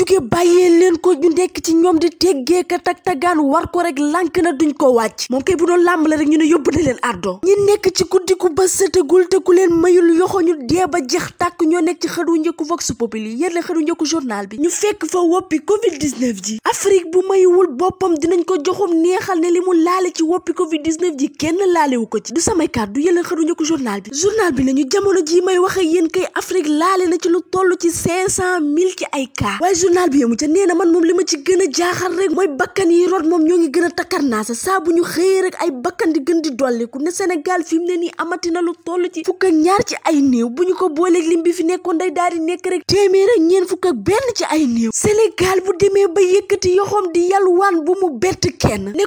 jóge bàyyee leen ko ñu nekk ci ñoom di teggeeka tag war ko rek lànk na duñ ko wàcc moom kay bu doon làmb la rek ñu ne yóbbu na leen ardo ñi nekk ci guddiku ba sëtagul te ku leen mayul yoxo ñu dee ba jeex tàkk ñoo nekk ci xëru njëkku vox populi yéen la xëru njëkku journal bi ñu fekk fa woppi covid 19 ji afrique bu mayul boppam dinañ ko joxum neexal ne li mu laale ci woppi covid 19 ji kenn laalewu ko ci du samay kàddu yéen la xëru njëkku journal bi journal bi nañu jamono ji may waxe yéen kay afrique laale na ci lu journal bi yemu ca nee na a jaaxal rek mooy bakkan yi rot moom ñoo ngi gën a takkar naa sa saa Sénégal na lu toll ci fukk ak ñaar ci ay néew bu ñu ko booleeg bi fi nekkoon day daal di nekk rek téeméer ak ñeen fukk ak benn ci ay néew Sénégal bu demee ba yëkkati yoxoom di yalwaan bu mu bett kenn ne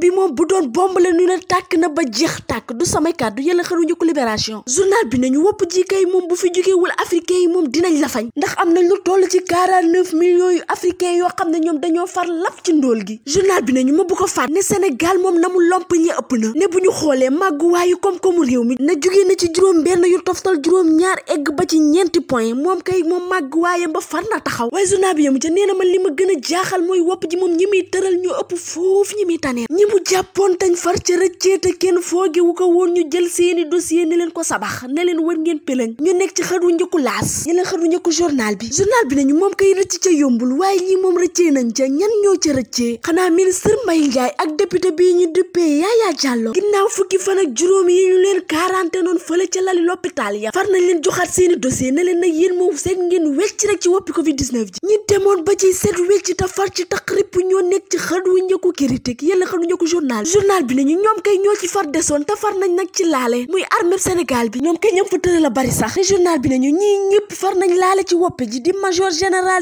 bi moom bu doon bomb la ñu ne tàkk na ba jeex tàkk du samay kàddu yàlla xaruñu ko libération journal bi nañu wopp ji kay moom bu fi jógeewul africain yi moom dinañ la fañ ndax am nañ lu toll ci 49 dix millions yu africains yoo xam ne ñoom dañoo far lap ci ndóol gi journal bi nañu ma bu ko faat ne Sénégal moom na mu lomp ñi ëpp na ne bu ñu xoolee màgguwaayu koom-koomu réew mi na jugee na ci juróom benn yu toftal juróom ñaar egg ba ci ñeenti point moom kay moom màgguwaayam ba far na taxaw waaye journal bi yamu ca nee na li ma gën a jaaxal mooy wopp ji moom ñi muy tëral ñoo ëpp foofu ñi muy taneen ñi mu jàppoon tañ far ca rëccee kenn fooge wu ko woon ñu jël seeni dossier ne leen ko sabax ne leen war ngeen pëlëñ ñu nekk ci xët wu njëkku laas ne leen xët wu njëkku journal bi journal bi nañu moom kay ci ca yombul waaye ñi moom rëccee nañ ca ñan ñoo ca rëccee xanaa ministre Mbaye Ndiaye ak député bii ñu duppee Yaya Diallo ginnaaw fukki fan ak juróom yi ñu leen quarantaine noon fële ca lali l'hôpital ya far nañ leen joxaat seeni dossier ne leen nag yéen seet ngeen wecc rek ci woppi covid 19 ji ñi demoon ba ci seet wecc te far ci taq ripp ñoo nekk ci xët wu njëkku critique yéen la xët wu njëkku journal journal bi nañu ñoom kay ñoo ci far desoon te far nañ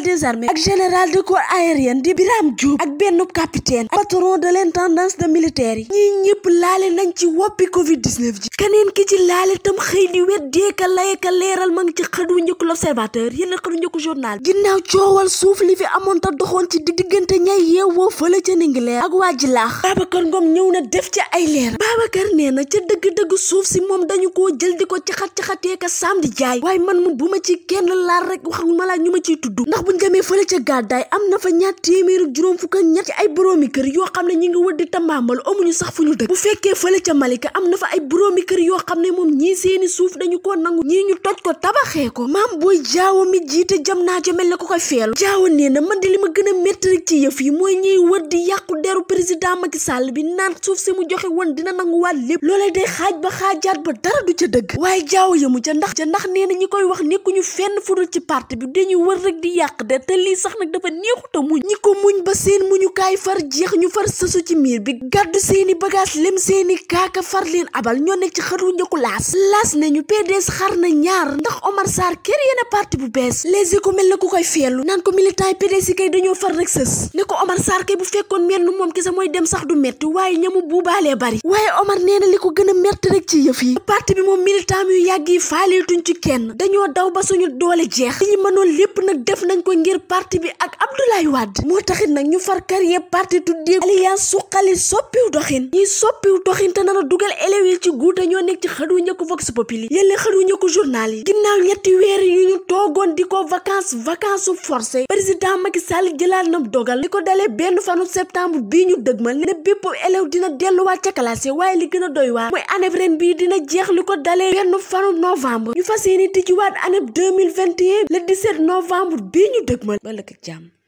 bi des armées ak général de corps aérien di Birame Diop ak benn capitaine ak de l'intendance de militaires yi ñii ñëpp laale nañ ci woppi Covid 19 ji keneen ki ci laale tam xëy di weddee ka laye ka leeral ma ngi ci xëdu njëkku l'observateur yéen xëdu njëkku journal ginnaaw coowal suuf li fi amoon ta doxoon ci diggante ñay yeewoo fële ca ningi leer ak waa ji laax Babacar Ngom ñëw na def ca ay leer Babacar nee na ca dëgg-dëgg suuf si moom dañu ko jël di ko ci xat ma ci kenn laal rek wax la ñu ma demee fële ca am na fa ñaar téeméer ak fukk ak ay boroomi kër yoo xam ne ñu ngi wëddi tambaambal amuñu sax fu ñu bu fekkee fële ca malika am na fa ay boroomi yoo xam ne moom ñii seeni suuf dañu ko nangu ñii ñu toj ko tabaxee ko maam booy jaawo mi jiite jam naa jo mel na ko koy feelu jaawo nee na man de li ma gën a métti rek ci yëf yi mooy ñuy wër di yàqu deru président Macky Sall bi naan suuf si mu joxe woon dina nanguwaat lépp loolee day xaaj ba xaajaat ba dara du ca dëgg waaye jaawo yamu ca ndax ca ndax nee na ñi koy wax nekkuñu fenn fudul ci parti bi dañuy wër rek di yàq der te lii sax nag dafa neexut muñ ñi ko muñ ba seen muñukaay far jeex ñu far sësu ci miir bi gàddu seeni bagage lem seeni kaaka far leen abal ñoo nekk ci xaru njëkku laas laas nañu PDS xar na ñaar ndax Omar Sarr kër yéen a parti bu bees les éco mel na ku koy feelu naan ko militant yi PDS yi kay dañoo far rek sës ne ko Omar Sarr kay bu fekkoon menn moom kese mooy dem sax du metti waaye ñamu buubaalee bari waaye Omar nee na li ko gën a metti rek yi parti bi moom militant yu yàgg yi faaleetuñ ci kenn dañoo daw ba suñu doole jeex li ñu mënoon lépp nag def ngir parti bi ak Abdoulaye Wade moo taxit nag ñu far carrière parti tuddee alliance suqali soppiw doxin ñiy soppiw doxin te nana dugal élèves yi ci guute ñoo nekk ci xëdu ñëkku vox populi yële xëdu ñëkku journal yi ginnaaw ñetti weer yi ñu toogoon di ko vacances vacances su forcé président Macky Sall jëlaat na dogal li ko dalee benn fanu septembre bii ñu ma ne bépp élève dina delluwaat ca classe waaye li gën a doy waar mooy année ren bii dina jeex ko dalee benn fanu novembre ñu fas yéene tijjiwaat dëgmal ba ëllëg ak